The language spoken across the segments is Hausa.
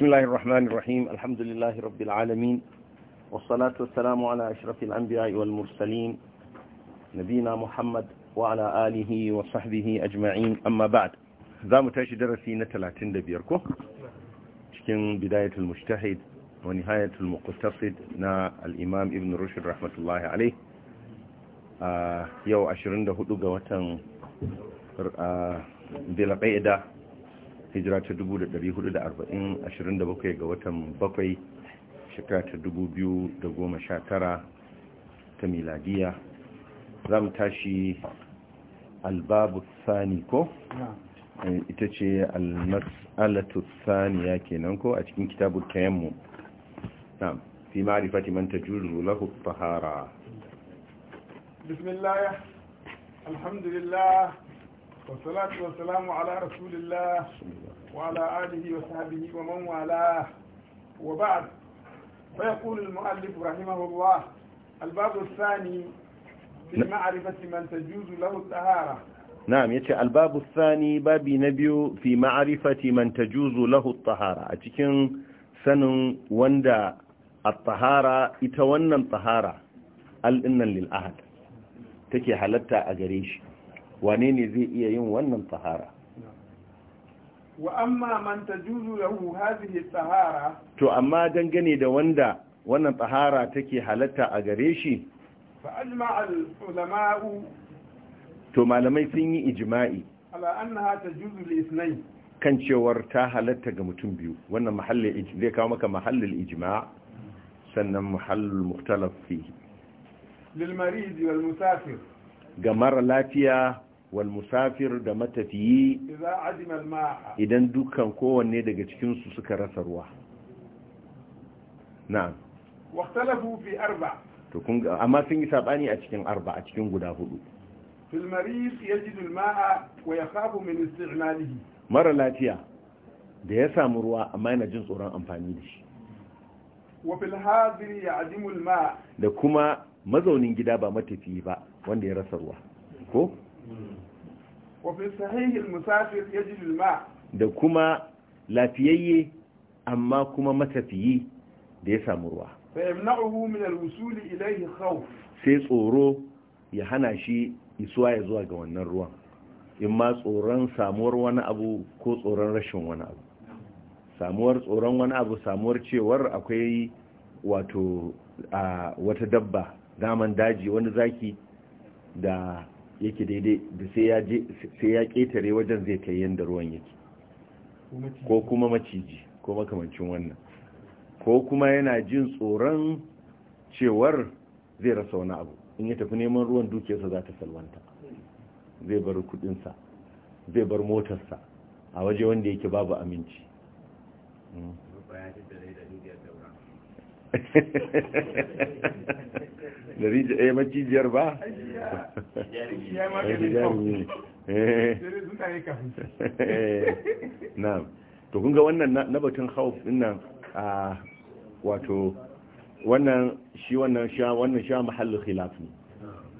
بسم الله الرحمن الرحيم الحمد لله رب العالمين والصلاة والسلام على أشرف الأنبياء والمرسلين نبينا محمد وعلى آله وصحبه أجمعين أما بعد ذا متاشي درسي نتلاتين دبيركو شكين بداية المجتهد ونهاية المقتصد نا الإمام ابن رشد رحمة الله عليه آه يو عشرين دهدو قوة بالقيدة hijira ta 1440 ga watan bakwai shekara ta 2019 ta miladiya za mu tashi albabu sani ko eh, ita ce almas'alatu saniya kenan ko a cikin kitabul tayammu na'am fi ma'rifati man tajuzu lahu tahara bismillah alhamdulillah والصلاة والسلام على رسول الله وعلى آله وصحبه ومن والاه وبعد فيقول المؤلف رحمه الله الباب الثاني في معرفة من تجوز له الطهارة نعم يتي الباب الثاني باب نبي في معرفة من تجوز له الطهارة أتكن سن وندا الطهارة يتونن طهارة الإنن للأهد تكي حالتا أجريش wane ne zai iya yin wannan tsahara? wa amma man tajuzu lahu hadhihi tsahara. to amma dangane da wanda wannan tsahara take halatta a gare shi fa ajma'a ulama'u to malamai sun yi ijma'i ala annaha tajuzu li ithnayn kan cewar ta halatta ga mutum biyu wannan mahallin zai kawo maka mahallin ijma' sannan mahallul mukhtalaf fihi lil marid wal musafir ga mara lafiya والمسافر da matafiyi idan dukkan kowanne daga cikinsu suka rasa ruwa na'am Amma sun yi sabani a cikin arba a cikin guda hudu fil marid المريض al-ma'a wa yakhafu min isti'malihi Mara lafiya da ya samu ruwa amma yana jin tsoron amfani da shi fil hadiri ya al ma da kuma mazaunin gida ba matafiyi ba wanda ya rasa ruwa ko hmm. وفي musafir ya ji الماء da kuma lafiyayye amma kuma matafiyi da ya samu ruwa fayamna'uhu min alwusul ilayhi khawf sai tsoro ya hana shi isuwa ya zuwa ga wannan ruwan in ma tsoron samuwar wani abu ko tsoron rashin wani abu samuwar tsoron wani abu samuwar cewar akwai wato wata dabba daman daji wani zaki da yake daidai da sai ya ƙetare wajen zai kai yanda ruwan yake ko kuma maciji ko makamancin wannan ko kuma yana jin tsoron cewar zai rasa wani abu in ya tafi neman ruwan dukiyarsa za ta salwanta zai bar kudinsa zai bar motarsa a waje wanda yake babu aminci hmm. da ya eh, macijiyar ba eh. na eh. to kunga wannan na batun hauf dinnan a wato wannan shi wannan sha wannan sha mahallu khilaf ne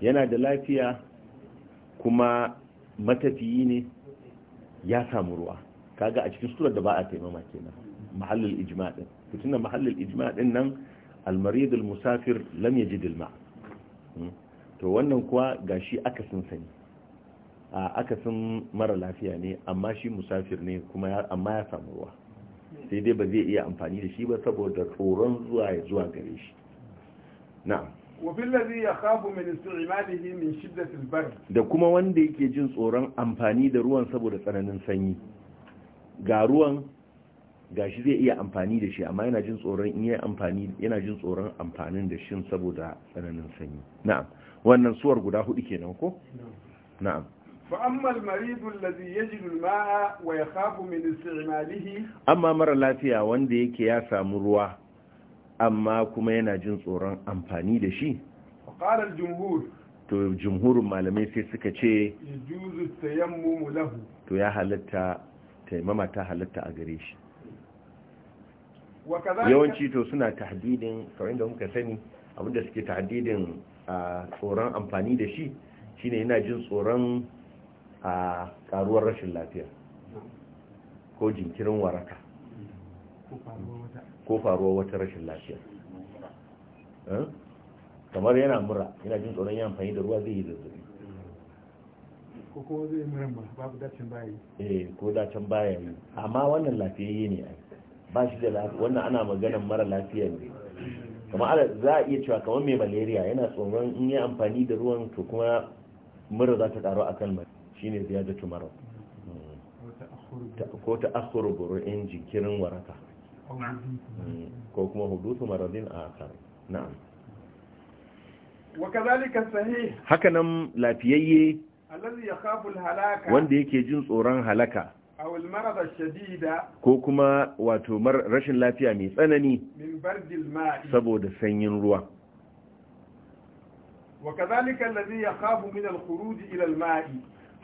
yana da lafiya kuma matafiyi ne ya samu ruwa kaga a cikin surar da ba a taimama kenan mahallul ijma' din tunda mahallul ijma' din nan al-marid musafir lam yajid al hmm? to wannan kuwa gashi akasin sani a akasin mara lafiya ne amma shi musafir ne kuma amma ya samu ruwa sai dai ba zai iya amfani da shi ba saboda tsoron zuwa ya zuwa gare shi na'am wabillazi ya khafu min isti'malihi min shidda silbar. da kuma wanda yake jin tsoron amfani da ruwan saboda tsananin sanyi ga ruwan gashi zai iya amfani da shi amma yana jin tsoron in yi amfani yana jin tsoron amfanin da shin saboda tsananin sanyi na'am wannan suwar guda hudu kenan ko na'am fa amma al-marid alladhi yajidu al-ma'a wa yakhafu min istimalihi amma mara lafiya wanda yake ya samu ruwa amma kuma yana jin tsoron amfani da shi qala al-jumhur to Jumhurun malamai sai suka ce yajuzu tayammum lahu to ya halatta taimama ta halatta a gare shi yawanci to suna tahdidin kawai da muka sani abinda suke tahdidin tsoron amfani da shi shine yana jin tsoron a karuwar rashin lafiya ko jinkirin waraka ko faruwar wata rashin lafiya eh? kamar yana mura yana jin tsoron yin amfani da ruwa zai yi zazzabi ko kuma zai muran ba babu dacin bayan yi eh ko dacin bayan yi amma wannan lafiyayye ne ai ba shi da lafiya wannan ana maganan mara lafiya ne ala za a iya cewa kamar mai malaria yana tsoron in yi amfani da ruwan to kuma mura za ta karo akan mai shine ziyada tumaro ko ta akhuru in jikirin waraka ko kuma hudutu maradin a akar na'am wakazalika sahih hakanan lafiyayye wanda yake jin tsoron halaka ko kuma wato rashin lafiya mai tsanani saboda sanyin ruwa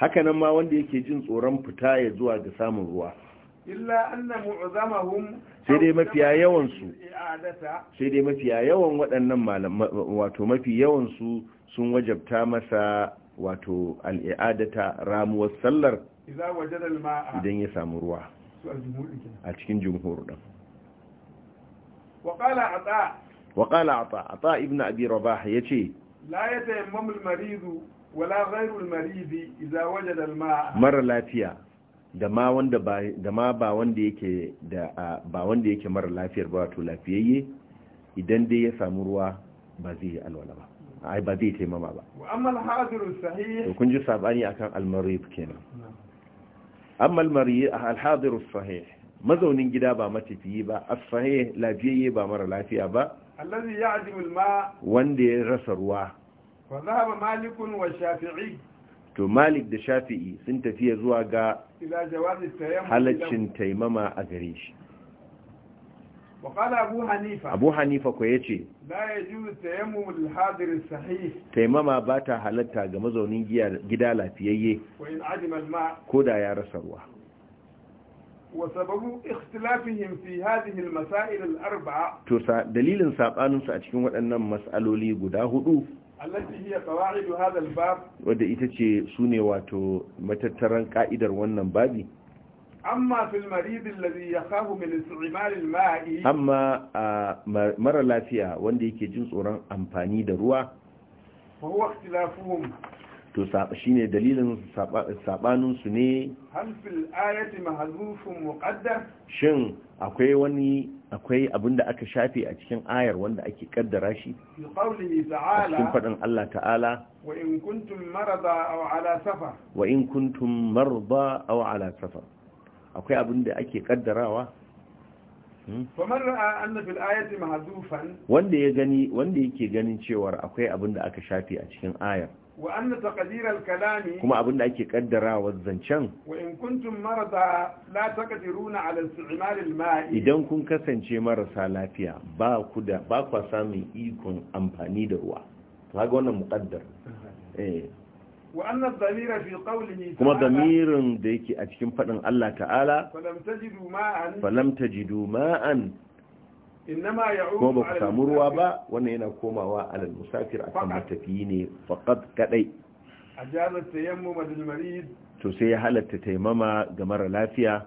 haka nan ma wanda yake jin tsoron fita ya zuwa ga samun ruwa sai dai mafiya su sai dai mafiya yawan waɗannan wato mafi su sun wajabta masa wato al'i'adata ramuwar sallar idan ya samu ruwa a cikin jumhur din waƙala a ta ibn abi rabah ya ce ya mara lafiya da ma wanda ba wanda yake da ba wanda yake mara lafiyar ba to lafiyayye idan dai ya samu ruwa ba zai yi alwala ba ai ba zai taimama ba wa amma al hadir sahih to kun ji sabani akan al-marid kenan amma a alhadar sahih mazaunin gida ba matafiyi ba a sahih lafiyayye ba mara lafiya ba wanda ya rasa ruwa to malik da shafi'i sun tafiya zuwa ga halaccin taimama a gare shi Wakala Abu Hanifa. Abu Hanifa ku ya ce. La ya ju taimu al-hadir sahih. Taimama ba ta halatta ga mazaunin gida lafiyayye. Wa in ajimal ma. Ko da ya rasa ruwa. Wa sababu ikhtilafihim fi hadhihi al-masail al-arba'a. To sa dalilin sabanin a cikin waɗannan mas'aloli guda hudu. Allati hiya qawaidu hadha al-bab. Wanda ita ce sune wato matattaran ƙa'idar wannan babi. amma fil marid alladhi yakhafu min istimal al-ma'i amma mara lafiya wanda yake jin tsoron amfani da ruwa fa huwa ikhtilafuhum to shi ne dalilin saɓaninsu ne Hal halfil ayati mahazufin muƙaddar shin akwai wani akwai abin da aka shafe a cikin ayar wanda ake kaddara shi a cikin faɗin Allah ta'ala wa in kuntum marada aw ala safar wa in kuntum marada aw ala safar akwai abin da ake kaddarawa hmm? wanda ya gani wanda yake ganin cewar akwai abin da aka shafi a cikin ayar kuma abin da ake kaddarawa zancen idan kun kasance marasa lafiya ba kwa samun ikon amfani da ruwa ta ga wannan muƙaddar eh. kuma damirin da yake a cikin faɗin Allah ta'ala falam ji duma'an, kuma ba ku samu ruwa ba wannan yana komawa alal musafir kan matafiyi ne faqad kaɗai, to sai ya halatta taimama ga mara lafiya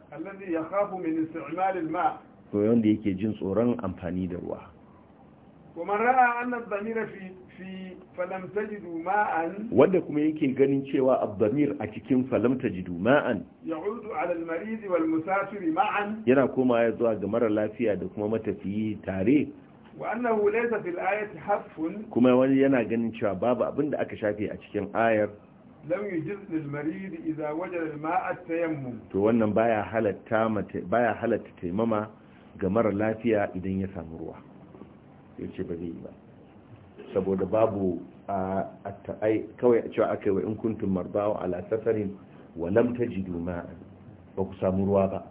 to wanda yake jin tsoron amfani da ruwa kuma ra'a anna dhamira fi falam tajidu wanda kuma yake ganin cewa abdamir a cikin falam tajidu ma'an ya'udu ala al wal musafir ma'an yana koma ya zuwa ga mara lafiya da kuma matafiyi tare wa annahu laysa fil ayati kuma wani yana ganin cewa babu abin da aka shafe a cikin ayar lam yujiz lil marid idza wajada al ma'a to wannan baya halatta baya halatta taimama ga mara lafiya idan ya samu ruwa yace ba zai yi ba saboda babu a kawai a cewa aka yi wa in kuntun marbawa ala safarin wa lam tajidu ma'an ba ku samu ruwa ba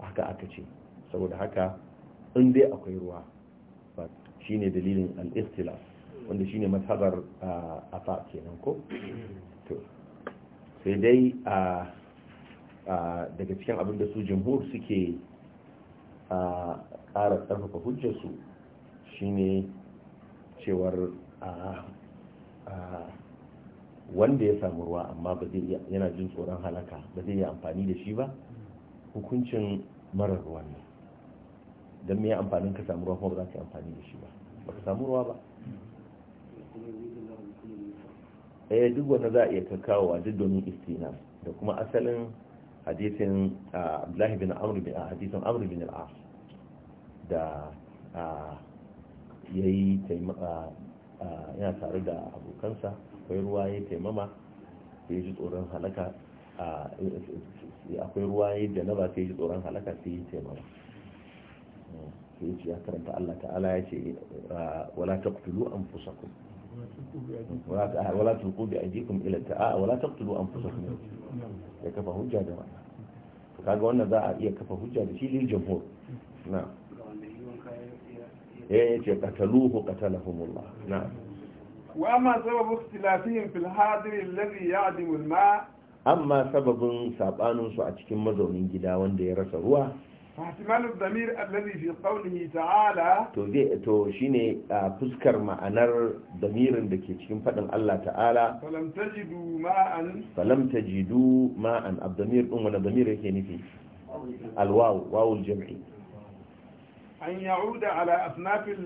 haka aka ce saboda haka in dai akwai ruwa ba shi ne dalilin al-ikhtilaf wanda shine a afa kenan ko sai dai daga cikin abin da su jamhur suke a ƙara ƙarfafa hujjarsu shi ne. cewar a wanda ya samu ruwa amma ba zai yana jin tsoron halaka ba zai yi amfani da shi ba hukuncin marar ruwan ne don me amfanin ka samu ruwa kuma ba za ka yi amfani da shi ba ba ka samu ruwa ba eh duk wanda za a iya kakawa duk domin istina da kuma asalin hadisin abdullahi bin amr bin hadisin amr bin al da ya yi ya tare da abokansa akwai ruwa ya taimama ya ji tsoron halaka akwai ruwa ya na ba sai ji tsoron halaka sai ya taimama sai ya karanta Allah ta'ala ya ce wala an anfusakum wala kutulu bi aydikum ila a wala taqtulu anfusakum ya kafa hujja da wannan kaga wannan za a iya kafa hujja da shi lil jamhur na'am eh yace qataluhu qatalahumullah na'am wa amma sababu ikhtilafihim fil hadir alladhi ya'dimu al-ma' amma sababin sabanin su a cikin mazaunin gida wanda ya rasa ruwa فاحتمال الضمير الذي في قوله تعالى to zai to shine fuskar ma'anar damirin da ke cikin fadin Allah ta'ala falam tajidu ma'an falam tajidu ma'an abdamir din wani damir yake nufi alwaw wawul jam'i an ya'uda ala asnafil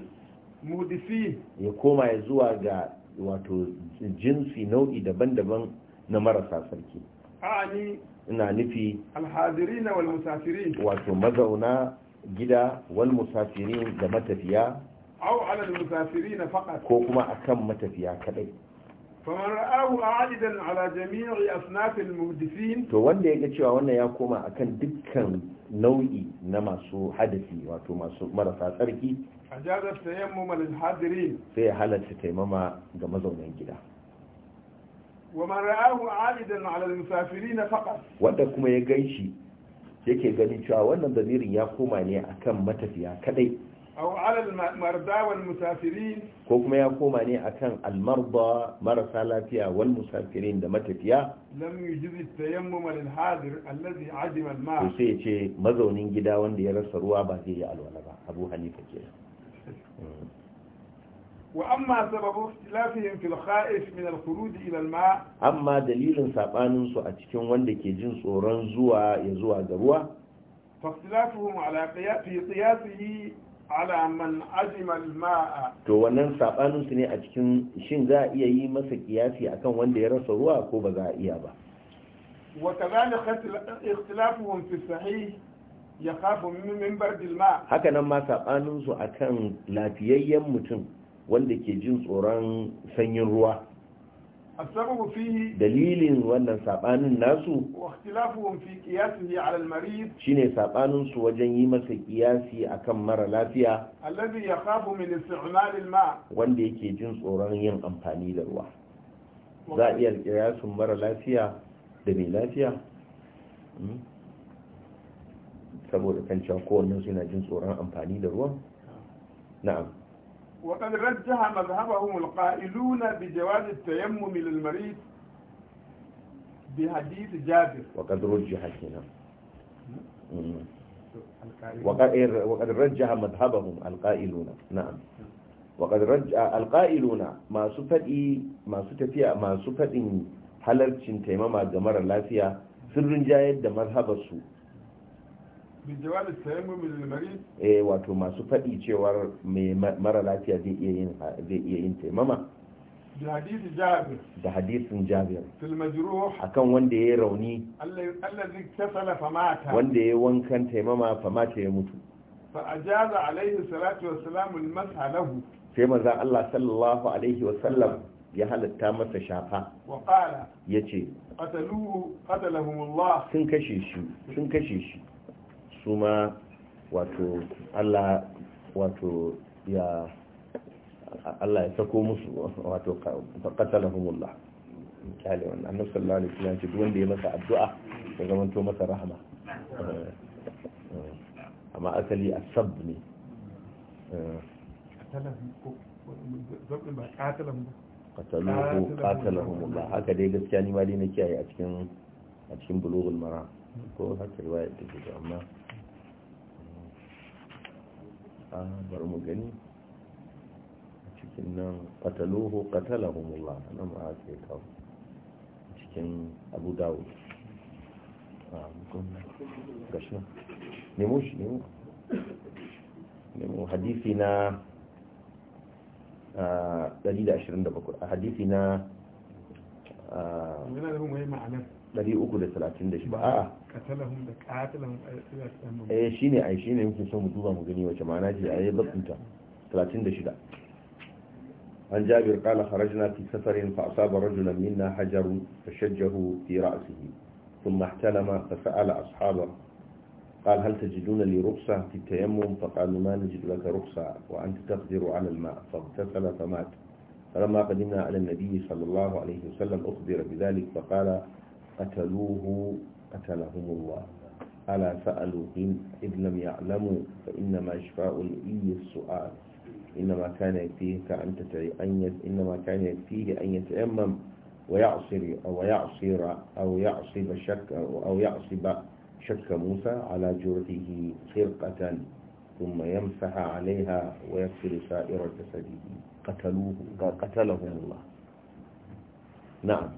mudisi ya koma ya zuwa ga wato jinsi nau'i daban-daban na marasa sarki a'ani ina nufi alhadirina wal musafirin wato mazauna gida wal musafirin da matafiya Au ala al na faqat ko kuma akan matafiya kadai faman ra'ahu a'idan ala jami'i asnaf al muhdisin to wanda yaga cewa wannan ya koma akan dukkan nau'i na masu hadisi wato masu marasa tsarki ajazar tayammum hadirin sai halatta taimama ga mazaunan gida wa man ra'ahu 'aidan 'ala al faqat wanda kuma ya ganshi yake ganin cewa wannan damirin ya koma ne akan matafiya kadai aw alal marda musafirin ko kuma ya koma ne akan al marda marasa lafiya wal musafirin da matafiya lam yujizi tayammum lil hadir alladhi adima ma to sai ce mazaunin gida wanda ya rasa ruwa ba zai yi alwala ba abu hanifa ke wa amma sababu min ma amma dalilin sabanin su a cikin wanda ke jin tsoron zuwa ya zuwa ga ruwa فاختلافهم على قياسه ala man azima al-ma'a to wannan sabanin su ne a cikin shin za a iya yi masa kiyasi akan wanda ya rasa ruwa ko ba za a iya ba wa kadhalika ikhtilafuhum fi sahih yakhafu min bard al-ma' haka nan ma sabanin su akan lafiyayyen mutum wanda ke jin tsoron sanyin ruwa السبب فيه دليل wannan sabanin nasu واختلافهم في قياسه على المريض shine sabanin su wajen yi masa kiyasi akan mara lafiya alladhi yakhafu min isti'mal alma wanda yake jin tsoron yin amfani da ruwa za a iya kiyasin mara lafiya da mai lafiya hmm? saboda kan cewa kowannen su yana jin tsoron amfani da ruwa na'am وقد رجح مذهبهم القائلون بجواز التيمم للمريض بحديث جابر وقد رجحت هنا وقد وقد رجح مذهبهم القائلون نعم وقد رجع القائلون ما سفدي ما ستفيا ما سفدين halarcin taimama ga mara lafiya sun rinjayar da eh wato masu faɗi cewar mai mara lafiya zai iya yin taimama da hadisin jabir akan wanda ya rauni famata. wanda ya wankan taimama famata ya mutu fa'ajaza alaihi salatu wassalamu almasha lahu sai maza Allah sallallahu alaihi wasallam ya halatta masa shafa ya ce sun kashe shi sun kashe shi su ma wato Allah wato ya Allah ya sako musu wato faqatalahumullah kyale wannan annabi sallallahu alaihi wasallam ce wanda ya masa addu'a ya zamanto masa rahama amma asali asab ne qataluhu qatalahumullah haka dai gaskiya ni ma dai na kiyaye a cikin a cikin bulughul mara ko haka riwaya take amma a bar mu gani cikin nan qataluhu qatalahumullah nan ma ake kawo cikin Abu dawo a ah, gunna gashin nemo shi nemo nemo hadisi na ah, a 127 hadisi na ah, a 336 a'a katalahum da katalahum eh, eh shine ai shine muke so duba mu gani wace ce عن جابر قال خرجنا في سفر فأصاب رجلا منا حجر فشجه في رأسه ثم احتلم فسأل أصحابه قال هل تجدون لي رخصة في التيمم فقالوا ما نجد لك رخصة وأنت تقدر على الماء فاغتسل فمات فلما قدمنا على النبي صلى الله عليه وسلم أخبر بذلك فقال قتلوه قتلهم الله ألا سألوا إذ لم يعلموا فإنما إشفاء الإي السؤال إنما كان يكفيه أن أن إنما كان يكفيه أن يتيمم ويعصر أو يعصر أو يعصب شك أو يعصب شك موسى على جرته خرقة ثم يمسح عليها ويغسل سائر جسده قتلوه قتلهم الله نعم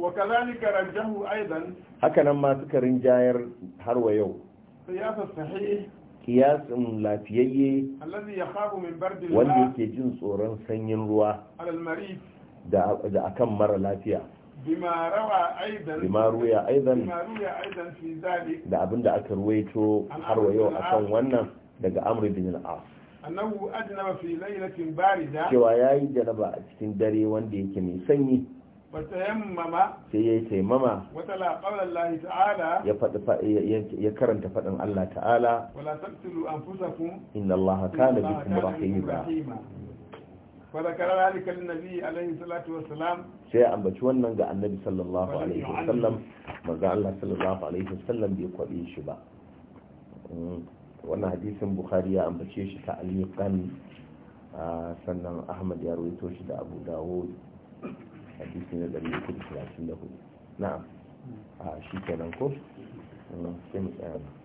wa kazalika rajahu aidan hakanan ma suka rinjayar har wa yau qiyasus sahih lafiyayye wanda yake jin tsoron sanyin ruwa al-marid da akan mara lafiya bima rawa aidan da abinda aka ruwaito har wa yau akan wannan daga amr ibn al-as annahu ajnaba yayi jaraba a cikin dare wanda yake mai sanyi sai ya yi taimama ya karanta faɗin Allah ta'ala inna Allah kana bikum rahima fadakar ralikan nabi alaihi salatu wasalam sai ambaci wannan ga annabi sallallahu alaihi wasallam maza Allah sallallahu alaihi wasallam bai kwabe shi ba mm, wannan hadisin bukhari ya ambace shi ta aliqan ah, sannan ahmad ya rawaito shi da abu dawud hadisi na 334 na'am a shi kenan ko sai mu tsaya